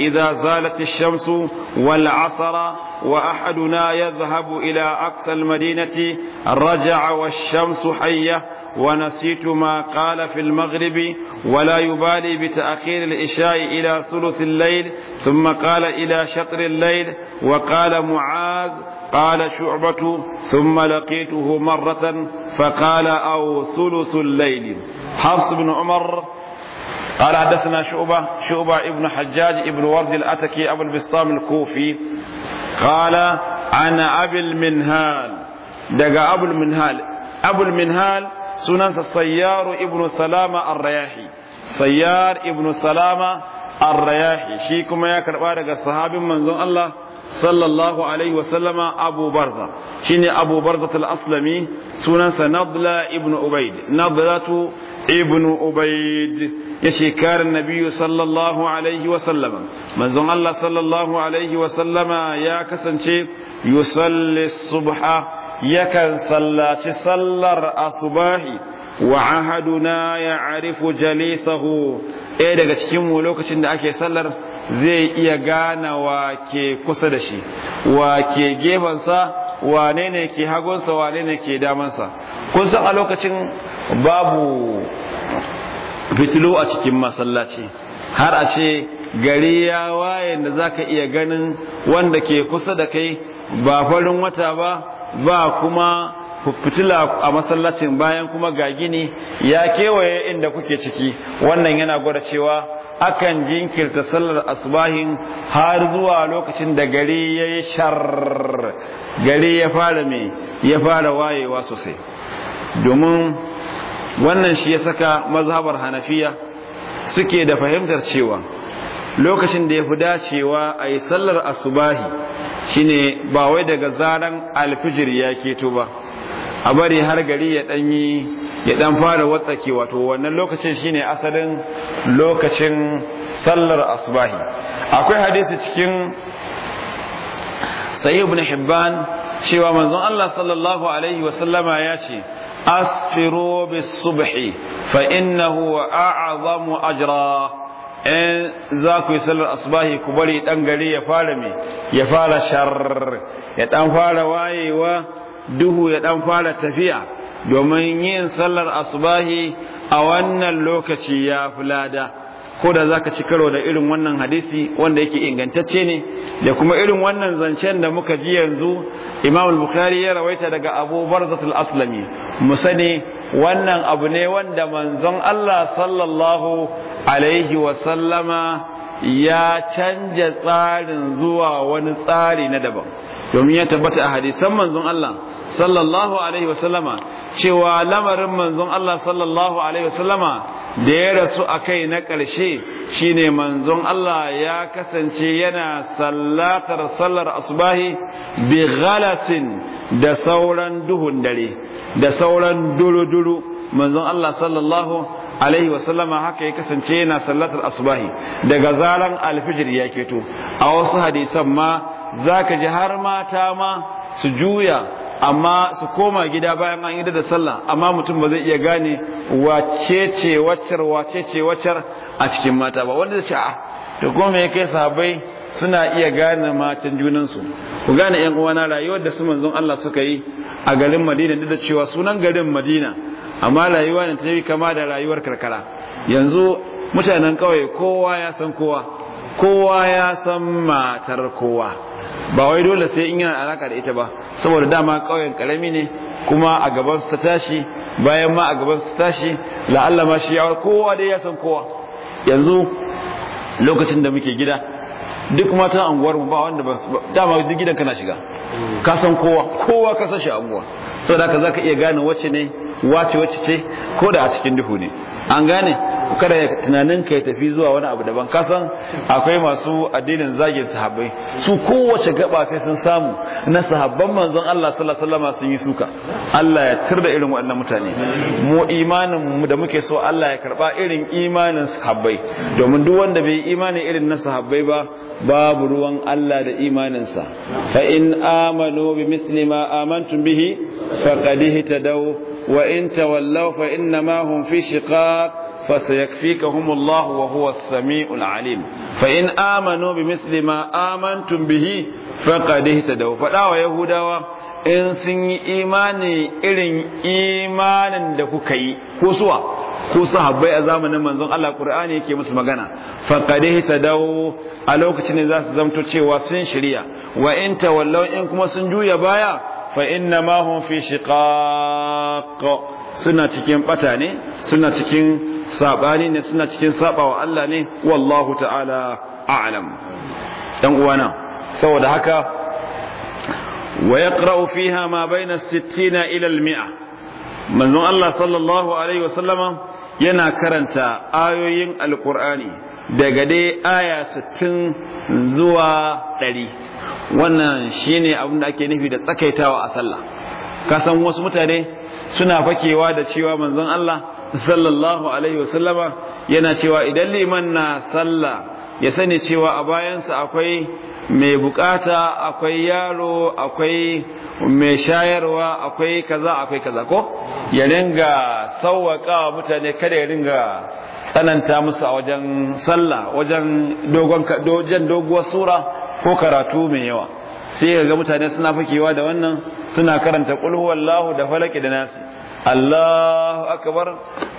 Speaker 1: إذا زالت الشمس والعصر وأحدنا يذهب إلى أقصى المدينة رجع والشمس حية ونسيت ما قال في المغرب ولا يبالي بتأخير الإشاء إلى ثلث الليل ثم قال إلى شطر الليل وقال معاذ قال شعبة ثم لقيته مرة فقال أو ثلث الليل حفص بن عمر قال حدثنا شعبة شعبة ابن حجاج ابن ورد الأتكي أبو البسطام الكوفي قال عن أبي المنهال دقى أبو المنهال أبو المنهال سنن سيار ابن سلامة الرياحي سيار ابن سلامة الرياحي شيكما يا كربارك صحابي منزون الله صلى الله عليه وسلم أبو برزة شيني أبو برزة الأصلمي سنن نضلة ابن أبيد نضلة ابن أبيد ya shekarar nabiyu sallallahu alaihi wasallama manzon Allah sallallahu alaihi wasallama ya kasance yusalli subha yakan sallaci sallar asubahi wa ahaduna ya arifu jalisahu ɗaya daga cikin mu lokacin da ake sallar zai iya gane wa ke kusa da shi wa ke gefensa wane ne ke hagunsa wane ne ke damansa kun san a lokacin babu fitilu a cikin masallaci har a ce gari ya waye da zaka iya ganin wanda ke kusa da kai ba farin wata ba ba kuma fitila a masallacin bayan kuma ga gini ya kewaye inda kuke ciki wannan yana gwada cewa akan jinkirta sallar asubahin har zuwa lokacin da gari ya yi gari ya fara mai ya fara wayewa sosai domin wannan shi ya saka mazhabar hanafiya suke da fahimtar cewa lokacin da ya fi dacewa a yi sallar asubahi shine ba wai daga zaren alfijir ya keto ba a bari har gari ya yi ya ɗan fara watsake wato wannan lokacin shine asalin lokacin sallar asubahi akwai hadisi cikin sahih ibn hibban cewa manzon Allah sallallahu alaihi wasallama ya ce asfiru bis subhi fa innahu a'zamu ajra in za ku yi salar asbahi ku bari ɗan gari ya fara me ya fara shar ya dan fara wayewa duhu ya ɗan fara tafiya domin yin salar asbahi a wannan lokaci ya fulada ko da zaka ci karo da irin wannan hadisi wanda yake ingantacce ne da kuma irin wannan zancen da muka ji yanzu Imam al-Bukhari ya rawaita daga Abu Barzah al-Aslami mu sani wannan abu ne wanda manzon Allah sallallahu alaihi wa sallama ya canja tsarin zuwa wani tsari na daban domin ya tabbata a hadisan manzon Allah sallallahu alaihi wasallama cewa lamarin manzon Allah sallallahu alaihi wasallama da ya rasu a kai na ƙarshe shine manzon Allah ya kasance yana sallatar sallar asbahi bi ghalasin da sauran duhun dare da sauran duru-duru manzon Allah sallallahu alaihi wasallama haka ya kasance yana sallatar asbahi daga zaran alfijir ya keto a wasu hadisan ma za ka ji har mata ma su juya amma su koma gida bayan an yi da sallah amma mutum ba zai iya gane wace ce waccar wace ce waccar a cikin mata ba wanda zai a ah, to kuma ya kai sahabbai suna iya gane matan junansu ku gane yan uwana rayuwar da su manzon Allah suka yi a garin Madina duk da cewa sunan garin Madina amma rayuwa ne ta yi kama da rayuwar karkara yanzu mutanen kauye kowa ya san kowa kowa ya san matar kowa ba wai dole sai in yana alaka da ita ba saboda dama kauyen karami ne kuma a gaban su tashi bayan ma a gaban su tashi la'alla ma shi yawar kowa dai ya san kowa yanzu lokacin da muke gida duk matan anguwar mu ba wanda ba dama duk gidan kana shiga ka san kowa kowa ka san shi anguwa saboda haka zaka iya gane wacce ne wace wace ce ko da a cikin duhu ne an gane kada ya tunanin ka tafi zuwa wani abu daban kasan akwai masu addinin zagin sahabbai su kowace gaba sai sun samu na sahabban manzon Allah sallallahu alaihi wasallam sun yi suka Allah ya tir da irin waɗannan mutane mu imanin mu da muke so Allah ya karba irin imanin sahabbai domin duk wanda bai imani irin na sahabbai ba babu ruwan Allah da imaninsa fa in amanu bi mithli ma amantum bihi faqad ihtadaw وإن تولوا فإنما هم في شقاق فسيكفيكهم الله وهو السميع العليم فإن آمنوا بمثل ما آمنتم به فقد اهتدوا فدعوا يهودا in sun yi imani irin imanin da kuka yi ko suwa ko a zamanin manzon Allah Qur'ani yake musu magana faqadih tadaw a lokacin da za su zamto cewa sun shirya wa in tawallaw in kuma sun juya baya fa inna fi suna cikin bata ne suna cikin sabani ne suna cikin sabawa Allah ne wallahu ta'ala a'lam dan uwana saboda haka wa yaqra'u ma baina na sittina ilal mi'a. manzon Allah sallallahu alaihi wasallama yana karanta ayoyin alqur'ani daga dai aya 60 zuwa 100 wannan shi ne abinda ake nufi da tsakaitawa a sallah kasan wasu mutane suna fakewa da cewa manzon Allah sallallahu alaihi wasallama yana cewa idan liman na sallah ya sani cewa a bayansa akwai mai bukata akwai yaro akwai mai shayarwa akwai kaza akwai kaza ko ya ringa sauwaka mutane kada ya ringa tsananta musu a wajen sallah wajen dogon doguwar sura ko karatu mai yawa sai ga mutane suna fakewa da wannan suna karanta kulhu wallahu da falaki da nasi Allahu akbar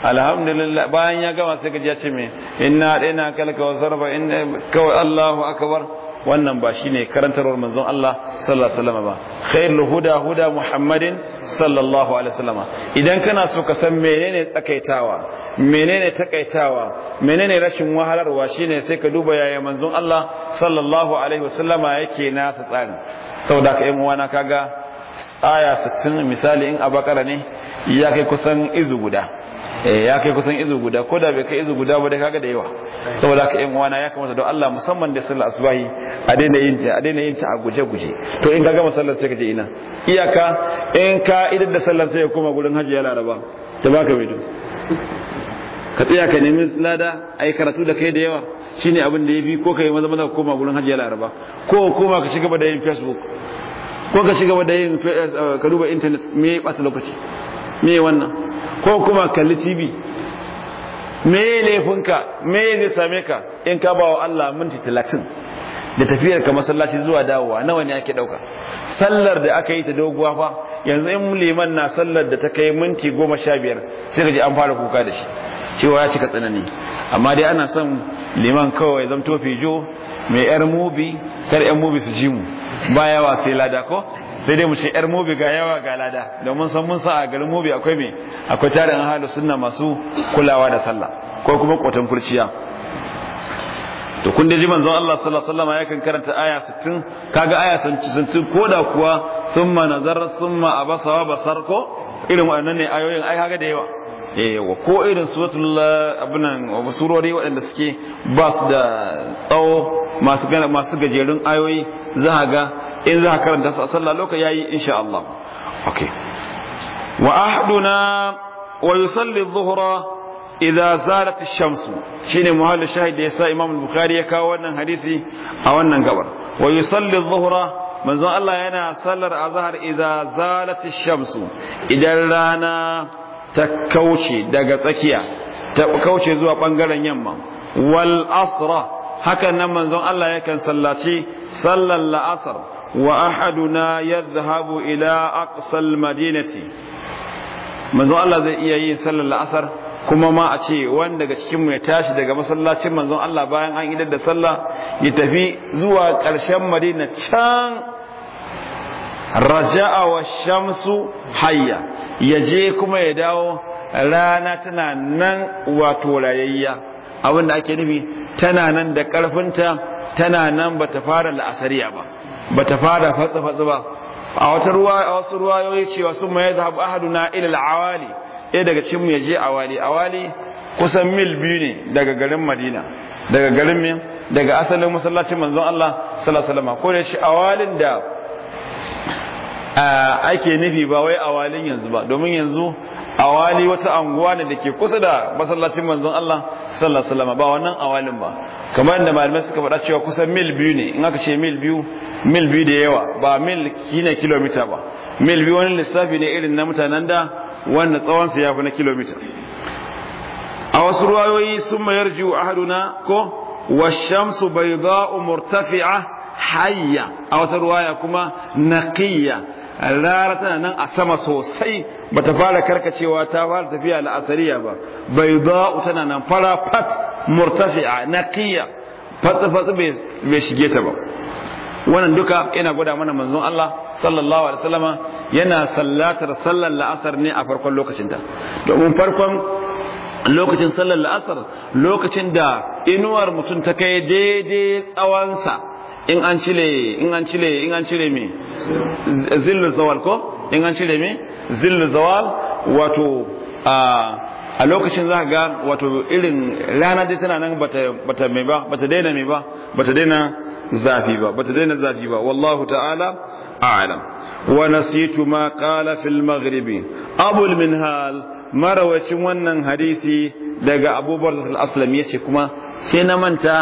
Speaker 1: alhamdulillah bayan ya gama sai ka ya ce me inna na kalka wa sarfa inna kawai Allahu akbar wannan ba shine karantarwar manzon Allah sallallahu alaihi wasallam ba khairul huda huda muhammadin sallallahu alaihi wasallam idan kana so ka san menene tsakaitawa menene takaitawa menene rashin wahalarwa shine sai ka duba yaya manzon Allah sallallahu alaihi wasallam yake na tsari saboda ka yan uwana kaga aya 60 misali in abakara ne ya kai kusan izu guda Eh, ya kai kusan izu guda ko da bai kai izu guda ba dai kaga da yawa saboda haka yan uwana ya kamata don Allah musamman da sallar asubahi a daina yin ta a daina yin ta a guje guje to in kaga masallar sai je ina iyaka in ka idan da sallar sai ka koma gurin hajji ya laraba ta baka mai ka tsaya ka nemi lada ai karatu da kai da yawa shine abin da yafi ko kai maza maza koma gurin hajji ya laraba ko koma ka shiga da yin facebook ko ka shiga da yin eh, ka duba internet me ya bata lokaci me wannan ko kuma kalli tv me laifinka me zai same ka in ka ba wa Allah minti talatin da tafiyar ka masallaci zuwa dawowa nawa ne ake ɗauka sallar da aka yi ta doguwa fa yanzu in liman na sallar da ta kai minti goma sha biyar sai ka ji an fara kuka da shi cewa ya cika tsanani amma dai ana son liman kawai zamto fijo mai yar mubi kar yan mubi su ji mu baya wa sai lada ko sai dai mu ce yar mobi ga yawa ga lada domin san mun sa a garin mobi akwai me akwai tarin halu sunna masu kulawa da sallah ko kuma kwatan kurciya to kun da ji manzon Allah sallallahu alaihi wasallam yakan karanta aya 60 kaga aya 60 da kuwa summa nazar summa abasa wa basarko irin wannan ne ayoyin ai kaga da yawa Eh, wa ko irin suratul eh, abunan surori waɗanda suke ba su da tsawo masu gajerun ayoyi za a ga in za a karanta su a sallah lokaci yayi insha Allah okay wa ahduna wa yusalli dhuhra idza zalat ash-shams shine muhallu shahid da ya sa Imam Bukhari ya kawo wannan hadisi a wannan gabar wa yusalli dhuhra Allah yana sallar azhar idza zalat ash idan rana ta kauce daga tsakiya ta kauce zuwa ɓangaren yamma wal asra haka nan manzon Allah yakan sallaci sallar la'asar wa ahaduna yadhhabu ila aqsal madinati manzon Allah zai iya yin sallar la'asar kuma ma a ce wanda daga cikinmu ya tashi daga masallacin manzon Allah bayan an idar da sallah ya tafi zuwa ƙarshen madina can raja'a wa shamsu hayya ya je kuma ya dawo rana tana nan wato rayayya abin da ake nufi tana nan da karfinta tana nan ba ta fara la'asariya ba ba ta fara fatsa-fatsa ba a wata ruwa a wasu ruwayoyi cewa sun mai da habu na ilil awali ɗaya daga cin mu ya je awali awali kusan mil biyu ne daga garin madina daga garin min daga asalin masallacin manzon Allah sallallahu alaihi wasallam ko da shi awalin da ake nufi ba wai awalin yanzu ba domin yanzu awali wata anguwa ne da ke kusa da masallacin manzon Allah sallallahu alaihi wasallam ba wannan awalin ba kamar yadda malamai suka faɗa cewa kusan mil biyu ne in aka ce mil biyu mil biyu da yawa ba mil kine kilomita ba mil biyu wani lissafi ne irin na mutanen da wanda tsawon su yafi na kilomita a wasu ruwayoyi sun mayar jiwu ahaduna ko washamsu والشمس murtafia hayya a wata ruwaya kuma naqiya. rara tana nan a sama sosai ba ta fara karkacewa ta fara tafiya la'asariya ba bai ba'u tana nan fara fat a naqiya Fatsa-fatsa bai shige ta ba wannan duka yana gwada mana manzon Allah sallallahu alaihi wasallam yana sallatar sallar la'asar ne a farkon lokacin ta. domin farkon lokacin sallar la'asar lokacin da inuwar mutum ta kai daidai tsawonsa in an cile in an cile in an cile mi zillu zawal ko in an cile mi zillu zawal wato a lokacin za ga wato irin rana dai tana nan bata mai ba bata daina mai ba bata daina zafi ba bata daina zafi ba wallahu ta'ala a'lam wa nasitu ma qala fil maghribi abul minhal marawacin wannan hadisi daga abubakar al-aslam yace kuma sai na manta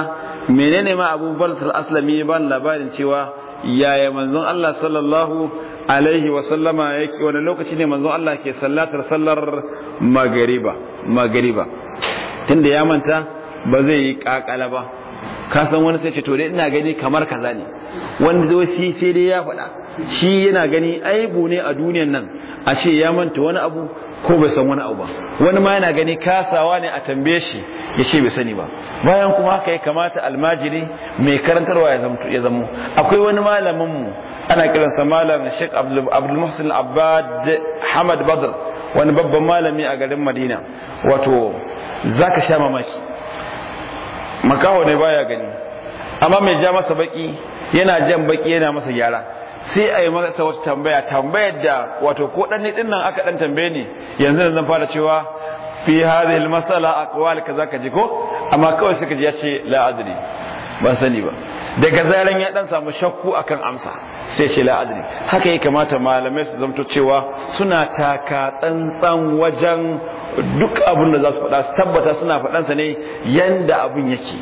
Speaker 1: menene ma abu baltar aslami ban labarin cewa yaya manzon Allah sallallahu alaihi wa sallama yake wani lokaci ne manzon Allah ke sallatar sallar magariba magariba tunda ya manta ba zai yi kakala ba ka san wani sai ce to dai ina gani kamar kaza ne wanda zai shi sai dai ya faɗa shi yana gani aibu ne a duniyan nan a ce ya manta wani abu ko bai san wani abu ba wani ma yana gani kasawa ne a tambaye shi ya ce bai sani ba bayan kuma haka ya kamata almajiri mai karantarwa ya zamo akwai wani malamin mu ana kiransa malam Sheikh Abdul Muhsin Abbad Hamad Badr wani babban malami a garin Madina wato zaka sha mamaki makaho ne baya gani amma mai ja masa baki yana jan baki yana masa gyara sai a yi masa wata tambaya tambayar da wato ko dan dinnan aka dan tambaye ni yanzu zan fara cewa fi hadhihi almasala aqwal kaza ka ji ko amma kawai suka ji ya ce la adri ban sani ba daga zaran ya dan samu shakku akan amsa sai ce la adri haka ya kamata malamai su zamto cewa suna taka tsantsan wajen duk abun da za su faɗa su tabbata suna faɗansa ne yanda abin yake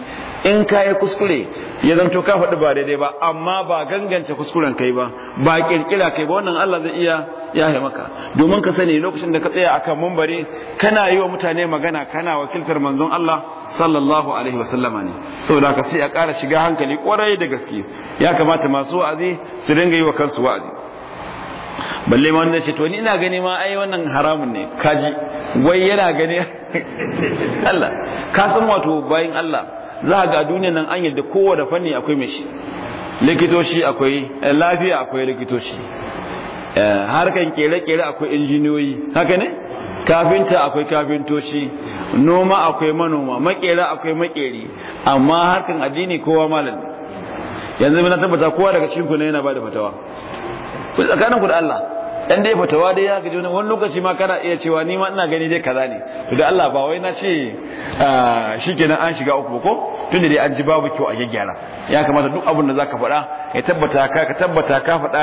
Speaker 1: in ka yi kuskure ya zanto ka faɗi ba daidai ba amma ba ganganta kuskuren kai ba ba kirkira kai ba wannan Allah zai iya yahe maka domin ka sani lokacin da ka tsaya akan mumbari kana yi wa mutane magana kana wakiltar manzon Allah sallallahu alaihi wasallama ne saboda ka sai a ƙara shiga hankali kwarai da gaske ya kamata masu wa'azi su dinga yi wa kansu wa'azi balle ma wanda ce to ni ina gani ma ai wannan haramun ne kaji wai yana gani Allah ka san wato bayin Allah za ga duniya nan an yadda kowane fanni akwai mai shi likitoci akwai eh, lafiya akwai likitoci eh, harkan kere-kere akwai injiniyoyi haka ne kafinta akwai kafintoci noma akwai manoma makera akwai makeri amma harkan addini kowa malam yanzu na tabbata kowa daga cikin ku ne yana da fatawa ku tsakanin ku da Allah dan dai fatawa dai ya gaji wani lokaci ma kana iya cewa ni ma ina gani dai kaza ne to da Allah ba wai na ce ah, shikenan an shiga uku ko tunda dai an ji babu kyau a gyaggyara ya kamata duk abin da zaka faɗa ya tabbata ka ka tabbata ka faɗa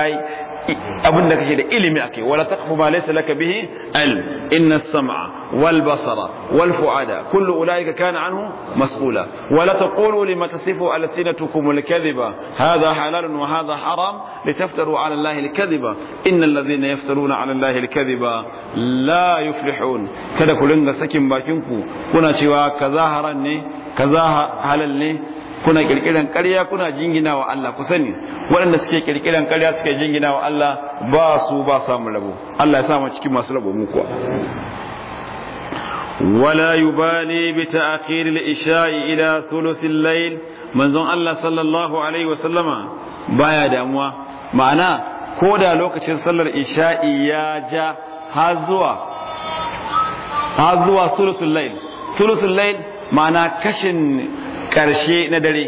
Speaker 1: abin da kake da ilimi akai wala taqfu ma laysa laka bihi al inna as-sam'a wal basara wal fu'ada kullu ulaika kana anhu mas'ula wala taqulu lima tasifu alsinatukum al-kadhiba hadha halalun wa hadha haram litaftaru ala allahi al-kadhiba innal ladhina yaftaruna ala allahi alkadhiba la yuflihun kada ku linga sakin bakin ku kuna cewa kaza haram ne kaza halal ne kuna kirkiran ƙarya kuna jingina wa Allah ku sani waɗanda suke kirkiran ƙarya suke jingina wa Allah ba su ba samu rabo Allah ya sa cikin masu rabo mu kuwa wala yubali bi ta'khir al-isha'i ila thuluth al-layl manzon Allah sallallahu alaihi wa sallama baya damuwa ma'ana ko da lokacin sallar isha'i ya ja har zuwa har zuwa sulusul lail sulusul lail ma'ana kashin ƙarshe na dare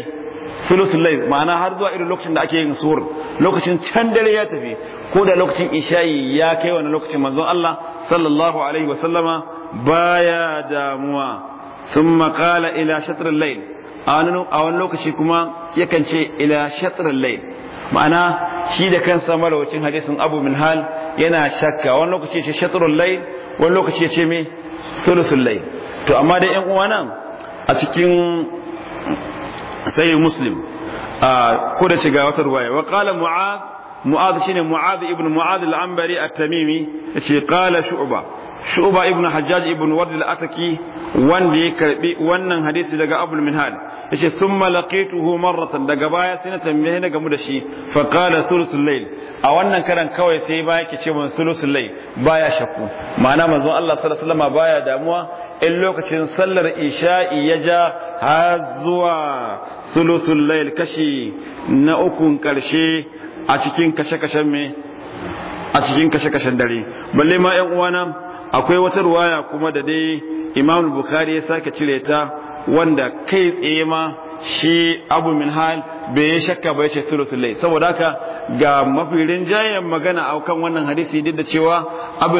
Speaker 1: sulusul lail ma'ana har zuwa irin lokacin da ake yin suhur lokacin can dare ya tafi ko da lokacin isha'i ya kai wani lokacin manzon Allah sallallahu alaihi wa sallama baya damuwa sun qala ila shatr al a wani lokaci kuma yakan ce ila shatr al ma'ana shi da kansa marawacin hadisin abu min hal yana shakka wani lokaci ce shatrul lai wani lokaci ce me sulusun lai to amma da yan uwa nan a cikin sayi muslim a kuda shiga wata ruwaya wa qala mu'ad shine mu'ad ibn mu'ad al-anbari at-tamimi yace qala shu'ba shu'ba ibn hajjaj ibn ward al-ataki wanda ya karbi wannan hadisi daga abul minhal yace thumma laqituhu marratan daga baya sai na tambaye na mu da shi fa qala thuluthul layl a wannan karan kawai sai ba yake ce mun thuluthul layl baya shakku ma'ana manzon Allah sallallahu alaihi wasallam baya damuwa in lokacin sallar isha'i ya ja har zuwa thuluthul layl kashi na ukun karshe a cikin kashe-kashen mai a cikin kashe-kashen dare balle ma yan uwana akwai wata ruwaya kuma da dai Imam Bukhari ya sake cire ta wanda kai tsaye ma shi Abu hal bai shakka ba yace thuluthul layl saboda haka ga mafi rinjayen magana a kan wannan hadisi duk da cewa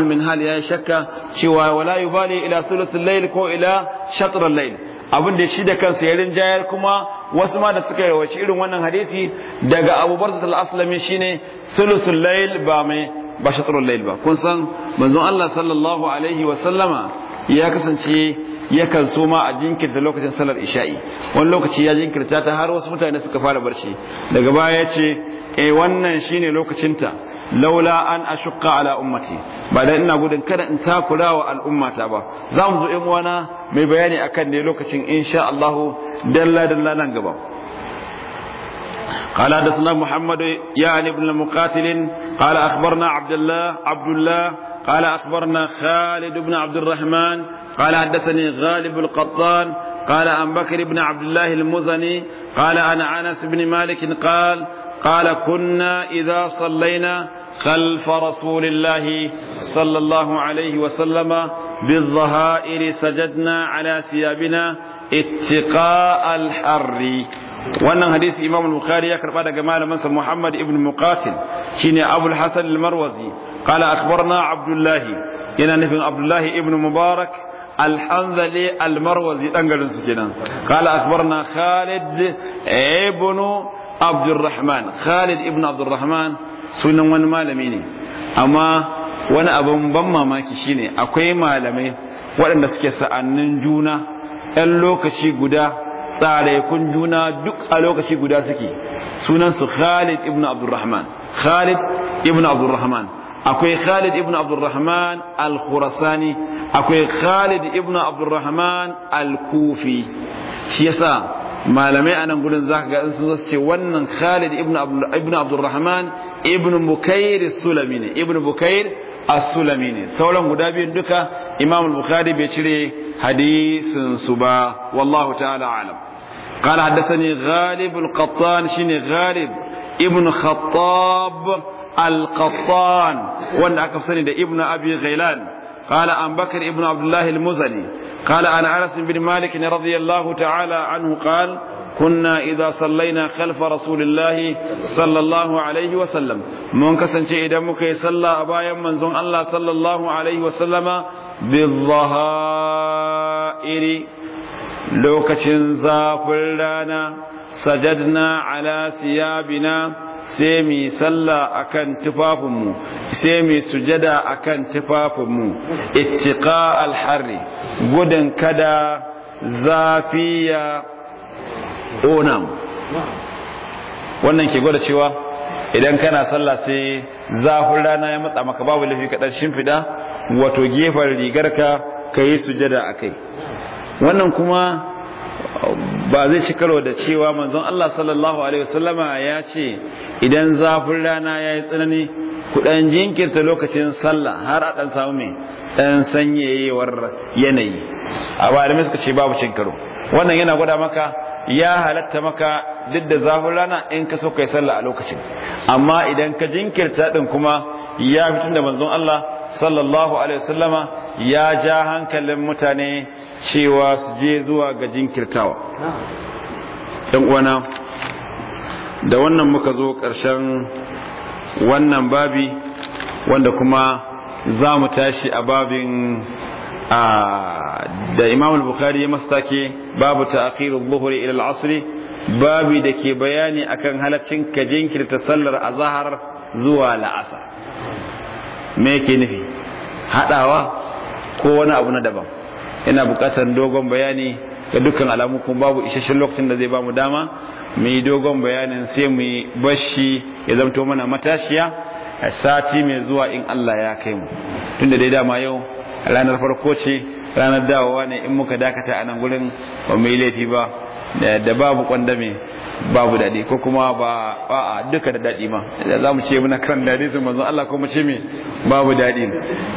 Speaker 1: min hal ya shakka cewa wala yubali ila thuluthul layl ko ila shatr layl abin da shi da kansa ya rinjayar kuma wasu ma da suka yawanci irin wannan hadisi daga Abu Barza al-Aslami shine thuluthul layl ba mai ba shatrul layl ba kun san manzon Allah sallallahu alaihi wa sallama ya kasance yakan so ma a jinkirta lokacin salar isha'i wani lokaci ya jinkirta ta har wasu mutane suka fara barci daga baya ya ce eh wannan shine lokacinta laula an ashqa ala ummati ba dan ina gudun kada in takura wa al'ummata ba za mu zo yan uwana mai bayani akan ne lokacin insha Allah dalla dalla nan gaba قال حدثنا محمد يعني بن مقاتل قال أخبرنا عبد الله عبد الله قال أخبرنا خالد بن عبد الرحمن قال حدثني غالب القطان قال عن بكر بن عبد الله المزني قال عن أنس بن مالك قال قال كنا إذا صلينا خلف رسول الله صلى الله عليه وسلم بالظهائر سجدنا على ثيابنا اتقاء الحر wannan hadisi imam al-bukhari ya karba daga malamin muhammad ibn muqatil shine abul hasan al-marwazi qala akhbarna abdullahi yana nufin abdullahi ibn mubarak al-hanzali al-marwazi dan garin su kenan qala akhbarna khalid ibn abdurrahman khalid ibn abdurrahman sunan wani malami ne amma wani abin ban mamaki shine akwai malamai waɗanda suke sa'annin juna ɗan lokaci guda tsaraikun juna duk a lokaci guda suke sunansu Khalid ibn Abdurrahman Khalid ibn Abdurrahman akwai Khalid ibn Abdurrahman al-Khurasani akwai Khalid ibn Abdurrahman al-Kufi shi yasa malamai a nan gudun za ka ga sun zo ce wannan Khalid ibn Abdurrahman ibn Bukair Sulami ne ibn Bukair as-sulami ne sauran guda biyun duka imam al-bukhari bai cire hadisin su ba wallahu ta'ala alam قال حدثني غالب القطان شيني غالب ابن خطاب القطان وانا اكفصني ده ابن ابي غيلان قال عن بكر ابن عبد الله المزني قال عن انس بن مالك رضي الله تعالى عنه قال kunna idza sallaina khalfa rasulillahi sallallahu alaihi wa sallam mun kasance idan muka yi sallah a bayan manzon Allah sallallahu alaihi wa sallama bidhahairi lokacin zafin rana sajadna ala siyabina sai mu sallah akan tufafinmu sai mu sujada akan tufafinmu ittiqa alharri gudun kada zafiya onam wannan ke gwada cewa idan kana sallah sai zafin rana ya matsa maka babu lafi kaɗan shimfida wato gefen rigarka ka yi sujada a kai wannan kuma ba zai ci karo da cewa manzon Allah sallallahu alaihi wasallama ya ce idan zafin rana ya yi tsanani kudan jinkirta lokacin sallah har a ɗan samu mai ɗan sanyayewar yanayi a ba da suka ce babu cin karo wannan yana gwada maka ya halatta maka duk da zafin rana in ka so kai sallah a lokacin amma idan ka jinkirta din kuma ya fitin da manzon Allah sallallahu alaihi wasallama ya ja hankalin mutane cewa su je zuwa ga jinkirtawa dan uwana da wannan muka zo karshen wannan babi wanda kuma za mu tashi a babin da imam al-bukhari ya mastake babu ta'khirul zuhri ila al-asr babu dake bayani akan halaccin ka jinkirta sallar azhar zuwa la'asa. me yake nufi hadawa ko wani abu na daban ina bukatar dogon bayani ga dukkan alamu kuma babu isasshen lokacin da zai ba mu dama mu yi dogon bayanin sai mu yi bashi ya zamto mana matashiya a sati mai zuwa in Allah ya kai mu tunda dai dama yau ranar farko ce ranar dawowa ne in muka dakata a nan gurin ba mu yi laifi ba da babu kwandame babu daɗi ko kuma ba a duka da daɗi ma da za mu ce muna kan daɗi sun manzo Allah ko mu ce me babu daɗi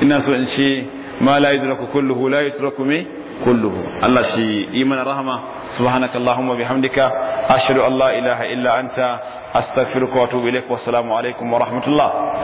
Speaker 1: ina so in ce ma la yudraku kulluhu la yutraku me kulluhu Allah shi yi mana rahama subhanaka allahumma bihamdika ashhadu an la ilaha illa anta astaghfiruka wa atubu ilaik wa assalamu alaikum wa rahmatullah